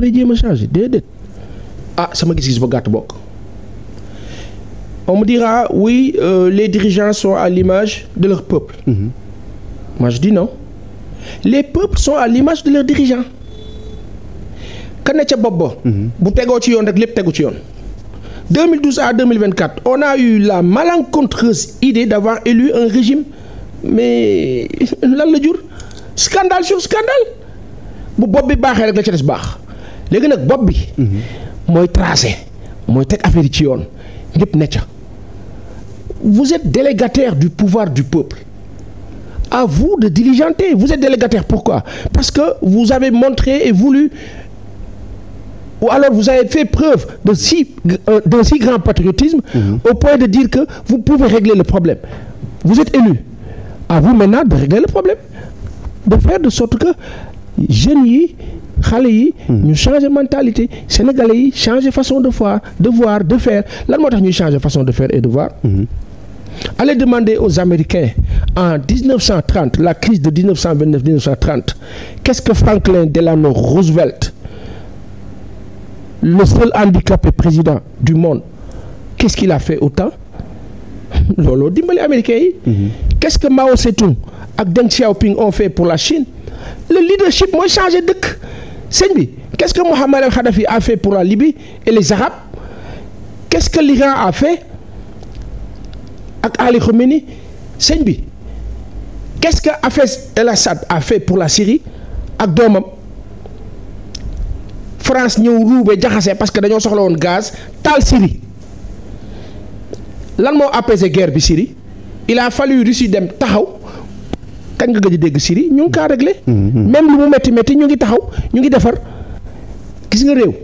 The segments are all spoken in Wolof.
ku ne ah sama gis-gis ba gàtt bokk on me dira euh, les dirigeants sont à l'image de leur peuple mm -hmm. moi les peuples sont à l'image de leurs dirigeants ka ca bopp ba mm-hmm. bu tegoo ci yoon rek lépp tegu ci yoon 2012 à 2024 on a eu la malencontreuse idée d'avoir élu un régime mais lan la jur scandale sur scandale bu bopp bi baaxee rek la ca baax léegi nag bopp bi. Mhm. mooy tracé mooy teg affaire yi ci yoon ñëpp ne ca vous êtes délégataire du pouvoir du peuple à vous de diligenter vous êtes délégataire pourquoi parce que vous avez montré et voulu ou alors vous avez fait preuve de si euh, d'un si grand patriotisme mhm. au point de dire que vous pouvez régler le problème vous êtes élu à vous maintenant de régler le problème de faire de sorte que jeunes yi xale yi. Hmm. ñu changer mentalité sénégalais yi change façon de voir de voir de faire lan moo tax ñuy changer façon de faire et de voir. Hmm. allez demander aux Américains en 1930 la crise de 1929-1930 qu'est-ce que Franklin Delano Roosevelt le seul handicapé président du monde qu'est-ce qu'il a fait autant looloo dimbali américain yi. Hmm. qu'est-ce que Mao Tse-tung ak Deng Xiaoping on fait pour la Chine le leadership mooy changer dëkk. sëñ bi qu'est-ce que Mohamed El Khadafi a fait pour la Libye et les Arabes quest que l'Iran a fait ak Ali Khomeini sëñ bi qu'est-ce que Hafez El Assad a fait pour la Syrie ak doomam France ñëw ruube jaxase parce que dañoo soxla woon gaz taal Syrie lan moo apaiser guerre bi Syrie il a fallu Russie dem taxaw. kañ nga gëj a dégg Syrie ñu ngi kaa réglé. même lu mu metti métti ñu ngi taxaw ñu ngi defar gis nga réew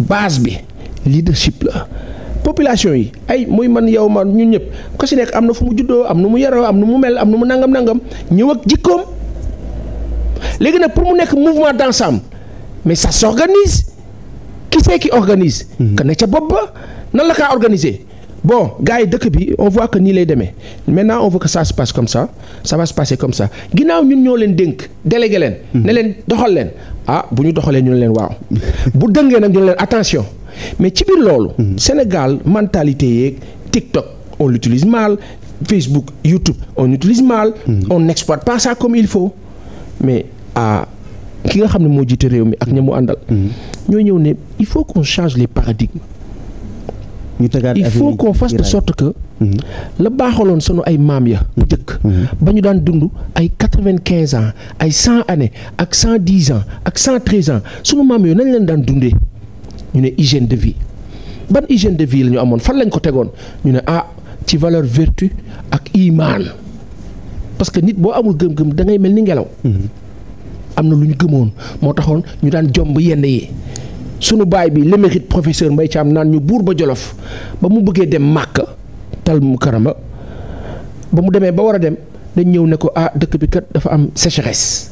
base bi leadership la. population yi ay muy man yow ma ñun ñëpp ku si nekk am na fu mu juddoo am nu mu yaroo am nu mu mel am nu mu nangam nangam ñëw ak jikkoom léegi nag pour mu nekk mouvement d'ensemble mais ça s'organise ki c'est organise. Hmm. ka ne ca bopp ba nan la kaa organiser. bon gars yi dëkk bi on voit que nii lay demee maintenant on veut que ça se passe comme ça ça va se passer comme ça ginnaaw ñun ñoo leen dénk délégué leen. Mhm. ne leen doxal leen ah bu ñu doxalee ñu ne leen waaw bu dëngee nag ñu ne leen attention mais ci biir loolu. Mhm. Sénégal mentalité yeeg TikTok on l'utilise mal Facebook YouTube on utilise mal. Mhm. on n'exploite pas ça comme il faut mais ah ki nga xam ne moo jiite réew mi ak ña mu àndal. ñoo ñëw ne il faut qu'on change les paradigmes. ñu tegaat il faut qu'on fasse sorte que. Mhm. la baaxaloon sunu ay maam ya bu jëkk mhm. mhm. ba ñu daan dund ay quatre-vingt-quinze ans ay cent années ak cent dix ans ak cent treize ans sunu maam yooyu nañ leen daan dundee ñu ne hygiène de vie ban hygiène de vie la ñu amoon fan lañ ko tegoon ñu ne ah ci valeur vertu ak imaan parce que nit boo amul gëm-gëm da mel ni ngelaw. am na lu ñu gëmoon moo taxoon ñu daan jomb yenn yi sunu baay bi l'émérite mbay Mbaye am naan ñu buur ba Jolof ba mu bëggee dem Màkka tal mu karama ba mu demee ba war a dem dañ ñëw ne ko ah dëkk bi kat dafa am sécheresse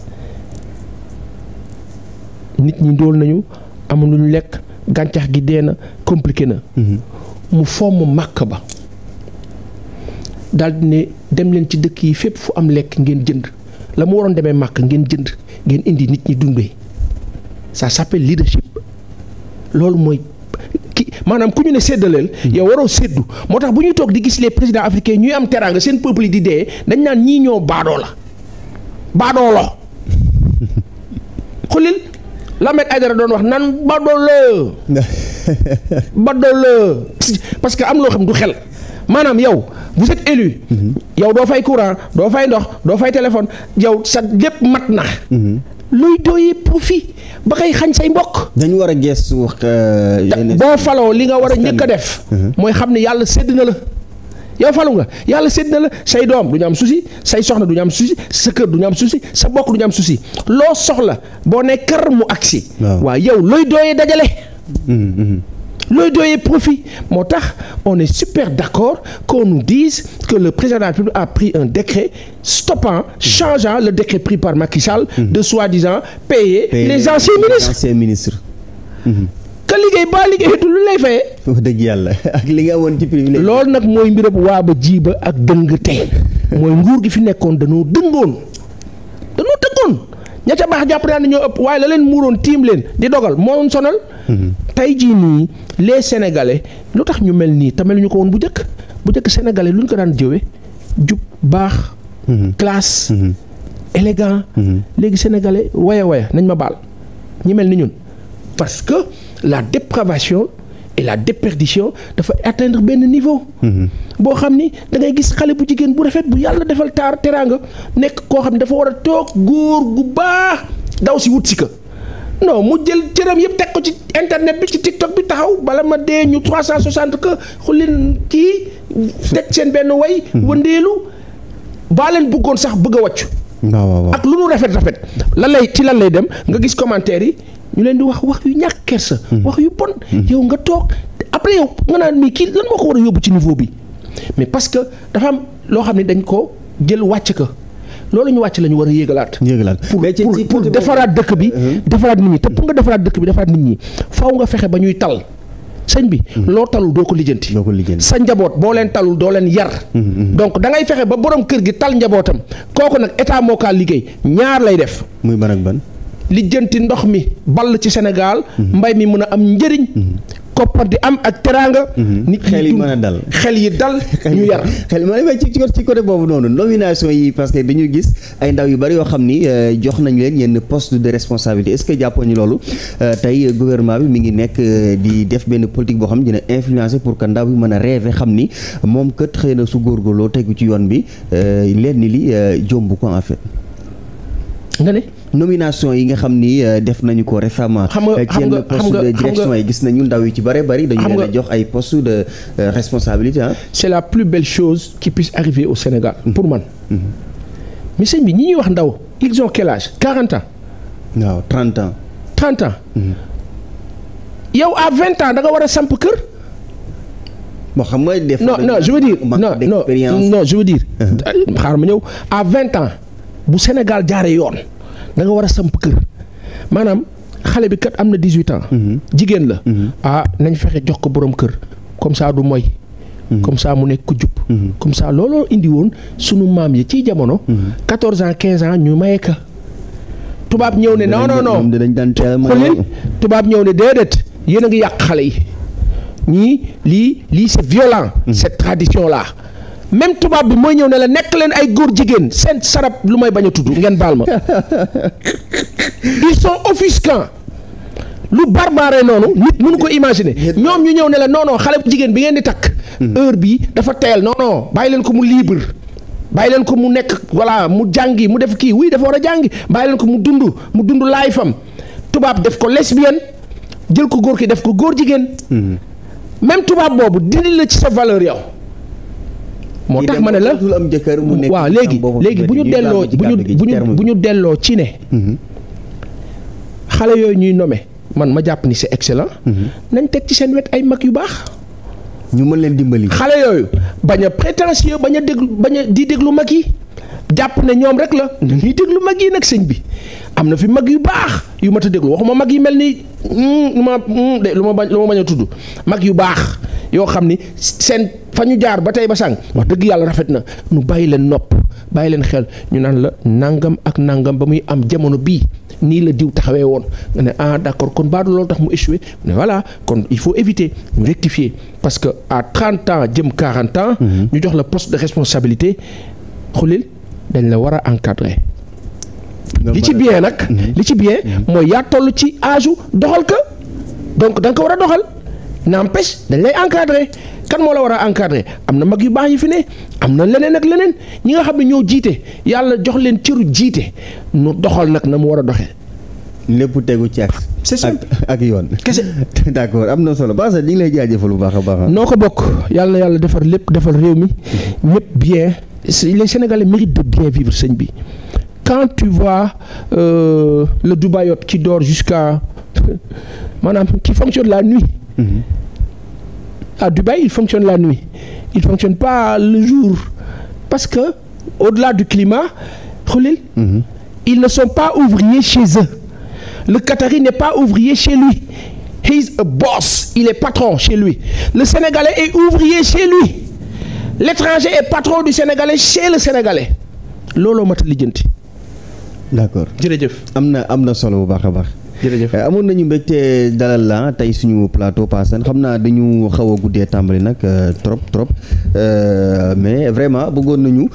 nit ñi dool nañu amul lu ñu lekk gàncax gi dee na compliqué na. Mm-hmm. mu fomm Màkka ba daal ne dem leen ci dëkk yi fépp fu am lekk ngeen jënd la mu waroon demee Màkka ngeen jënd ngeen indi nit ñi dundee ça s'appelle leadership. loolu mooy ki maanaam ku ñu ne séddaleel. Hmm. yow waroo séddu moo tax bu ñuy toog di gis lee président africains ñuy am teraanga seen peuple yi di dee dañ naan ñii ñoo baadoo la baadoo baadoolo xulil Lamet Aydara doon wax nan badoolo badoolo parce que am loo xam du xel maanaam yow vous êtes élu hmm. yow doo fay courant doo fay ndox doo fay téléphone yow sa lépp mat na hmm. luy doyee profit ba xay xañ say mbokk. dañu war a su gëstu euh, boo faloo li nga war a njëkk a def. Mhm. mooy xam ne yàlla sédd na la. yow falu nga yàlla sédd na la say doom du ñu am souci say soxna du ñu am souci sa kër du ñu am souci sa bokk du ñu am loo soxla boo nekk kër mu agsi waaw yow looy dooyee dajale. Mhm, mhm. looy doyee profit moo tax on est super d'accord qu'on nous dise que le président de la a pris un décret stoppant changeant le décret pris par Macky Sall mhm. de soit disant payer les anciens ministres anciens ministres ka mhm. liggéey ba liggéeyatu lu lay fayee. wax yàlla ak li nga woon ci nag mooy mbirab waa ba ji ba ak dëng te mooy nguur gi fi nekkoon dañoo dëngoon dañoo dëngoon ña ca baax jàpp naa ne ñoo ëpp waaye la leen muuroon tiim leen di dogal moo sonal. Mhm. ay jii nii les sénégalais lu tax ñu mel nii te meluñu ko woon bu njëkk bu njëkk sénégalais lu ñu ko daan jëwee jub baax. Mhm. classe. Mhm. élégant. Mhm. léegi sénégalais waya waya nañ ma baal ñi mel ni ñun parce que la dépravation. et la déperdition dafa attendre benn niveau. boo xam ni da ngay gis xale bu jigéen bu rafet bu yàlla defal taar teraanga nekk koo xam ne dafa war a toog góor gu baax daw si wut si ka non mu jël cëram yëpp teg ko ci internet bi ci tiktok bi taxaw bala ma dee ñu 360 que xulin kii. teg seen benn way. Hmm. wëndeelu baa leen bëggoon sax bëgg a wàcc. ak lu nu rafet rafet. lan lay ci lan lay dem nga gis commentaire yi ñu leen di wax wax yu ñàkk kersa. Hmm. wax yu bon. Hmm. yow nga toog après yow nga naan mais kii lan moo ko war yóbbu ci niveau bi mais parce que dafa am loo xam ne dañ ko jël wàcc ka loolu ñu wàcc lañu war a yéegalaat. yéegalaat mais ci pour pour defaraat dëkk bi. Uh-huh. defaraat nit ñi te pour nga defaraat dëkk bi defaraat nit ñi faaw nga fexe ba ñuy tal. sëñ bi hmm. loo talul doo ko lijjanti sa njaboot boo leen talul doo leen yar hmm, hmm, donc da ngay fexe ba boroom kër gi tal njabootam kooku nag état moo kaa liggéey ñaar lay def muy ban ak ban lijjanti ndox mi ball ci Sénégal mbay mi mën a am njëriñ koppar di am ak teraanga. Mhm. nit xel yi mën a dal xel yi dal ñu yar. xel ma ne ci ci côté boobu noonu nomination yi parce que dañuy gis ay ndaw yu bari yoo xam ni euh, jox nañu leen yenn post de responsabilité est-ce que jàppoon ñu loolu euh, tey gouvernement bi mi ngi nekk euh, di def benn politique boo xam ne dina influencer pour que ndaw yi mën a rêver xam ni moom kët xëy na su góor góorgóorloo tegu ci yoon bi leen ni li jomb ko en fait. nomination yi nga xam ni euh, def nañu ko récemment. xam nga xam nga poste de direction yi gis nañu ndaw yi ci bare bari. dañu leen a jox ay poste de euh, responsabilité ah. c'est la plus belle chose qui puisse arriver au Sénégal. Mm-hmm. pour man. Mm-hmm. mais sëñ bi ñi ñuy wax ndaw. ils ont quel âge quarante ans. waaw trente ans. trente ans. Mm-hmm. yow à vingt ans da nga war a samp kër. moo xam nga def. non non je veux dire non uh-huh. non non je veux dire. xaar ma ñëw à vingt ans bu Sénégal jaaree yoon. da war a samp kër maanaam xale bi kat am na 18 ans. Mhm. jigéen la. Mhm. ah nañ fexe jox ko boroom kër comme ça du mooy. Mhm. comme ça mu nekk ku jub. comme ça looloo indi woon sunu maam yi ci jamono. 14 ans 15 ans ñu maye ka tubaab ñëw ne non non non xoolil tubaab ñëw ne déedéet yéen a ngi yàq xale yi ñii lii lii c'est violent cette tradition là. même tubaab bi mooy ñëw ne la nekk leen ay góor jigéen seen sarab lu may baña tudd ngeen baal ma ils sont offusquants lu barbare noonu nit mënu ko imaginer ñoom ñu ñëw ne la non xale bu jigéen bi ngeen di takk. Hmm. heure bi dafa teel non non bàyyi leen ko mu libre. bàyyi leen ko mu nekk voilà mu jàngi mu def kii oui dafa war a jàngi bàyyi leen ko mu dund mu dund laay fam tubaab def ko lesbienne jël ko góor ki def ko góor jigéen. Hmm. même tubaab boobu dindi la ci sa valeur yow. moo tax ma ne la waaw léegi léegi bu ñu delloo bu ñu bu ñu delloo ci ne mhm. xale yooyu ñuy nome man ma jàpp ni c'est excellent mhm. nañ teg ci seen wet ay mag yu baax ñu mën leen dimbali. xale yooyu bañ a prétentieux bañ déglu bañ a di déglu mag yi jàpp ne ñoom rek la mhm. ñuy déglu mag yi nag sëñ bi am na fi mag yu baax yu mat a déglu waxuma mag yi mel ni hmm, lu ma hmm, de lu ma bañ lu ma bañ a tudd mag yu baax yoo xam ni seen fa ñu jaar ba tey ba sàng wax dëgg yàlla rafet na nu bàyyi leen nopp bàyyi leen xel ñu naan la nangam ak nangam ba muy am jamono bii nii la diw taxawee woon nga ne ah d'accord kon baadu loolu tax mu échoué ne voilà kon il faut éviter ñu rectifier parce que à 30 ans jëm 40 ans. Mhm. ñu jox la post de responsabilité xulil dañ la war a encadrer. Mhm. li ci bien nag. li ci bien mooy yaa toll ci âge doxal ka donc da ko war a doxal. n'empêche dañ lay encadrer kan moo la war a encadrer am na mag yu baax yi fi ne am na leneen ak leneen ñi nga xam ne ñoo jiite yàlla jox leen cëru jiite nu doxal nag na mu war a doxee. lépp tegu ci ak. c'est simple ak yoon. kese d'accord am na solo baax sax ngi lay jaajëfal bu baax a baax. noo ko bokk yàlla na yàlla defar lépp defar réew mi mm-hmm. ñëpp bien les Sénégalais méritent de bien vivre sëñ bi quand tu vois euh, le Dubaïote qui dort jusqu'à maanaam qui fonctionne la nuit. Mmh. À Dubaï, ils fonctionnent la nuit. Ils ne pas le jour. Parce que, au-delà du climat, Khalil, mmh. ils ne sont pas ouvriers chez eux. Le Qatari n'est pas ouvrier chez lui. He's a boss. Il est patron chez lui. Le Sénégalais est ouvrier chez lui. L'étranger est patron du Sénégalais chez le Sénégalais. looloo mat lijjanti. d'accord jërëjëf. am na am na solo bu baax a baax. jërëjëf euh, amoon nañu mbégte dalal la tey suñu plateau Paasan xam naa dañu xaw a guddee tàmbali nag euh, trop trop euh, mais vraiment bëggoon nañu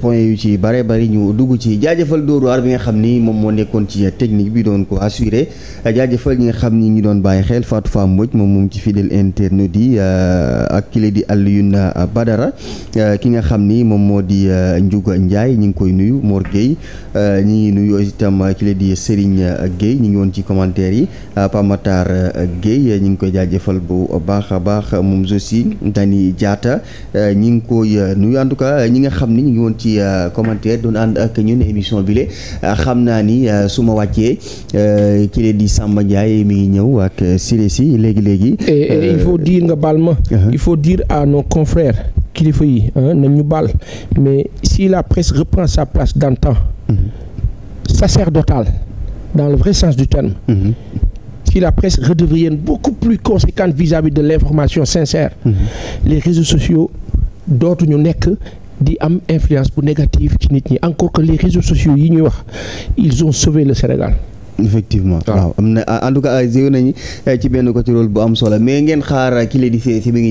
point yu ci bare bari ñu dugg ci jaajëfal Dóor waar bi nga xam ni moom moo nekkoon ci technique bi doon ko assuré jaajëfal ñi nga xam ni ñu doon bàyyi xel Fatou Fam Mbodj moom moom ci fidèle internet yi ak kile di Alioune Badara ki nga xam ni moom moo di Ndiouga Ndiaye ñu ngi koy nuyu Mor Gueye ñu ngi nuyu itam kile di di Serigne Gueye ñu ngi woon ci commentaire yi euh, Pape Matar euh, Gueye ñu ngi koy jaajëfal bu baax a baax moom aussi Dani jaata euh, ñu ngi koy nu en tout cas ñi nga xam ni ñu ngi woon ci commentaire doon ànd ak ñun émission bi le xam naa ni su ma wàccee ki leen di Samba Ndiaye mi ngi ñëw ak Siré si léegi léegi. il faut dire nga baal ma. Uh-huh. il faut dire à nos confrères. kilifa yi nañ baal mais si la presse reprend sa place d'antan. Mm-hmm. sacerdotal, dans le vrai sens du terme, mm -hmm. si la presse redevienne beaucoup plus conséquente vis-à-vis de l'information sincère, mm-hmm. les réseaux sociaux dootu ñu nekk di am influence bu négative ci nit ñi encore que les réseaux sociaux yi ñuy wax ils ont sauvé le Sénégal. effectivement waaw am na en tout cas yéen nañu eh, ci benn côté rôle bu am solo mais ngeen xaar euh, ki la di si